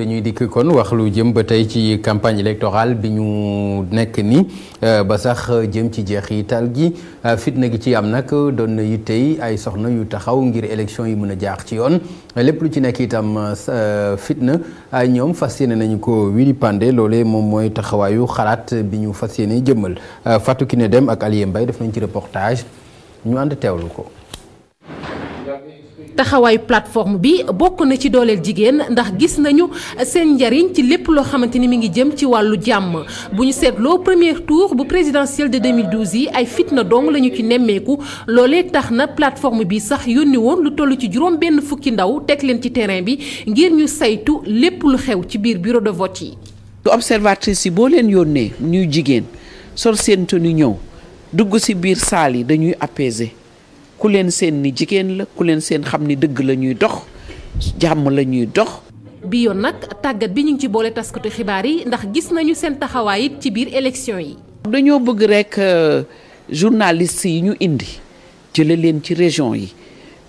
dañuy dikk kon wax lu jëm ba tey ci campagne électorale bi ñu nekk ni euh, ba sax jëm ci jeex jeexital gi euh, fitna gi ci am nag doon na tey ay soxna yu taxaw ngir élection yi mën a jaax ci yoon lépp lu ci nekk itam euh, fitna ñoom fas yéene nañu ko wili pande loole moom mooy taxawaayu xalaat bi ñu fas yéene jëmmal Fatou Kiné dem ak Alié def nañ ci reportage ñu ànd teewlu ko. taxawaayu plateforme bi bokk na ci dooleel jigéen ndax gis nañu seen njariñ ci lépp loo xamante ni mi ngi jëm ci wàllu jàmm bu ñu seetloo premier tour bu présidentielle de 2012 yi ay fitna dong la ñu ci nemmeeku loolee tax na plateforme bi sax yónni woon lu toll ci juróom benn fukki ndaw teg leen ci terrain bi ngir ñu saytu lépp lu xew ci biir bureau de vote yi. observatrice yi boo leen yónnee ñuy jigéen sol seen tenue ñëw dugg ci biir saal yi dañuy apaiser. ku leen seen ni jigéen la ku leen seen xam ni dëgg la ñuy dox jàmm la ñuy dox. bi yoon nag tàggat bi ñu ngi ci boole taskatu xibaar yi ndax gis nañu seen taxawaay it ci biir élection yi. dañoo bëgg rekk euh, journaliste yi ñu indi jële leen ci région yi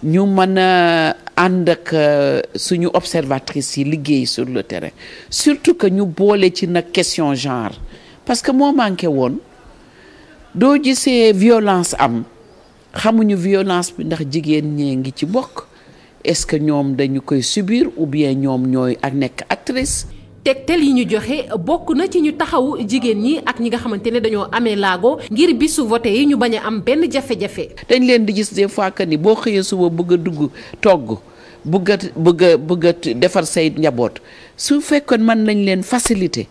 ñu mën a ànd ak euh, suñu observatrice yi liggéey sur le terrain surtout que ñu boole ci nag question genre parce que moo manqué woon doo gisee violence am. xamuñu violence bi ndax jigéen ñee ngi ci bokk est-ce que ñoom dañu koy subir ou bien ñoom ñooy ak nekk actrice tegtal yi ñu joxe bokk na ci ñu taxaw jigéen ñi ak ñi nga xamante ne dañoo amee laago ngir bisu vote yi ñu bañ a am benn jafe-jafe dañ leen di gis des fois que ni boo xëyee suba bëgg dugg togg bëgg a defar say njaboot su fekkoon mën nañ leen faciliter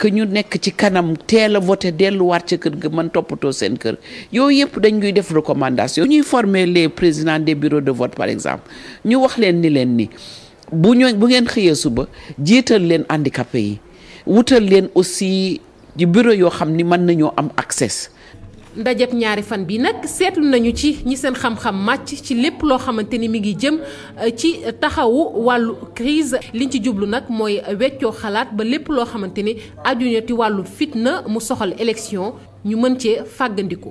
que ñu nekk ci kanam teel a voté delluwaat ca kër ga man toppatoo seen kër yooyu yëpp dañ ñuy def recommandation ñuy former les présidents des bureaux de vote par exemple ñu wax leen ni leen ni bu ñoo bu ngeen xëyee suba jiital leen handicapé yi wutal leen aussi bureau yoo xam ni mën nañoo am accès ndajeb ñaari fan bi nag seetlu nañu ci ñi seen xam-xam màcc ci lépp loo xamante ni mi ngi jëm euh, ci taxawu wàllu crise li ci jublu nag mooy weccoo xalaat ba lépp loo xamante ni aju ci wàllu fitna mu soxal élection ñu mën cee fàggandiku.